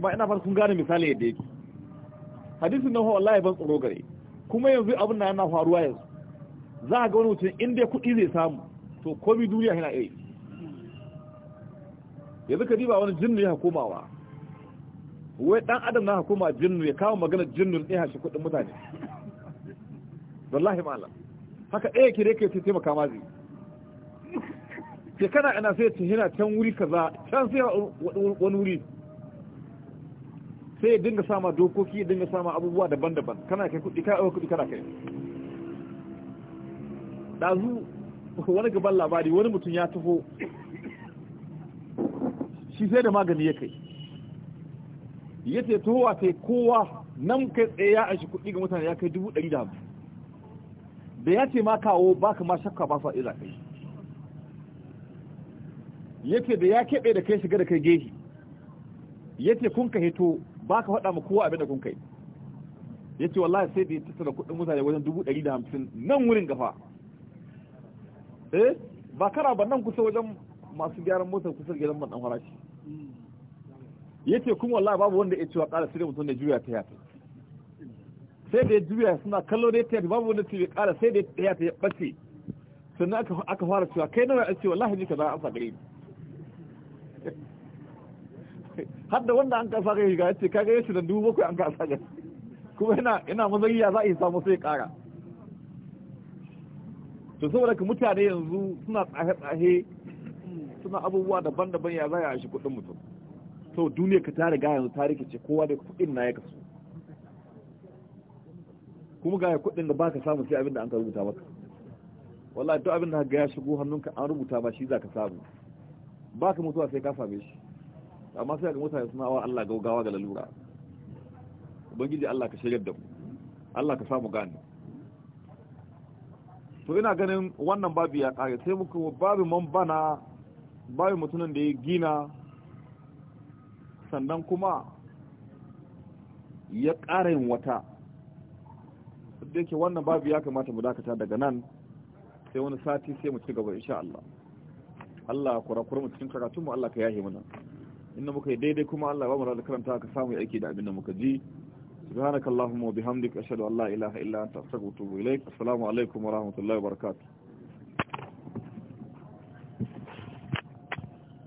Speaker 1: ba ina fara kun gane misali yadda yake na nan wallahi ban tsoro gare kuma yanzu abin na yana faruwa yanzu za a ga wani mutum inda kuɗi zai samu to komi duniya yana iri. yanzu ka diba wani jinnu ya hukumawa wai dan adam na hukuma jinnu ya kawo magana jinnun ɗaya shi kudin mutane wallahi malam haka ɗaya ke reke ce taimaka mazi ke kana ina sai ce yana can wuri kaza can sai wani wuri sai ya dinga sama dokoki ya dinga sama abubuwa daban-daban kana kai kuɗi kai kudi kuɗi kana kai ɗazu wani gaban labari wani mutum ya taho shi sai da magani ya kai ya ce towa sai kowa nan kai tsaye ya aishi kuɗi ga mutane ya kai dubu ɗari da hamsin da ya ce ma kawo ba ka ma shakka ba sa iza kai ya ce da ya keɓe da kai shiga da kai gehi ya ce kun ka hito ba ka faɗa ma kowa abin da kun kai ya ce wallahi sai da ya tattara kuɗin mutane wajen dubu ɗari da hamsin nan wurin gafa eh ba kara ba nan kusa wajen masu gyaran motar kusa gidan ban ɗan farashi yace kuma wallahi babu wanda ya cewa ƙara sai mutum da juya ta yata sai da ya juya suna kallo da ya tafi babu wanda ya ƙara sai da ya ta ya ɓace sannan aka fara cewa kai nawa ya ce wallahi ni kaza an faɗa ni har da wanda an kasa ya ce yace kaga ce da dubu bakwai an kasa gari kuma yana ina mazariya za a yi samu sai ƙara to saboda ka mutane yanzu suna tsahe-tsahe suna abubuwa daban-daban ya zaya a shi kudin mutum to duniya ka tare riga yanzu tarihi ce kowa da kudin na ya kasu kuma ga kudin da baka samu sai abin da an ka rubuta maka wallahi duk abin da ga ya shigo hannunka an rubuta ba shi zaka samu baka mutuwa sai ka same shi amma sai ga mutane suna wa Allah gaugawa ga lalura ubangiji Allah ka shirya da mu Allah ka samu gane to ina ganin wannan babu ya kare sai muku babu man bana bayan mutumin da ya gina sannan kuma ya ƙara yin wata da yake wannan babu ya kamata mu dakata daga nan sai wani sati sai mu ci gaba insha Allah Allah kurakura mu cikin karatu mu Allah ka yahe mana inda muka yi daidai kuma Allah ya ba mu da karanta ka samu aiki da abin da muka ji subhanakallahumma wa bihamdika ashhadu an la ilaha illa anta astaghfiruka wa atubu ilaik assalamu alaikum wa rahmatullahi wa barakatuh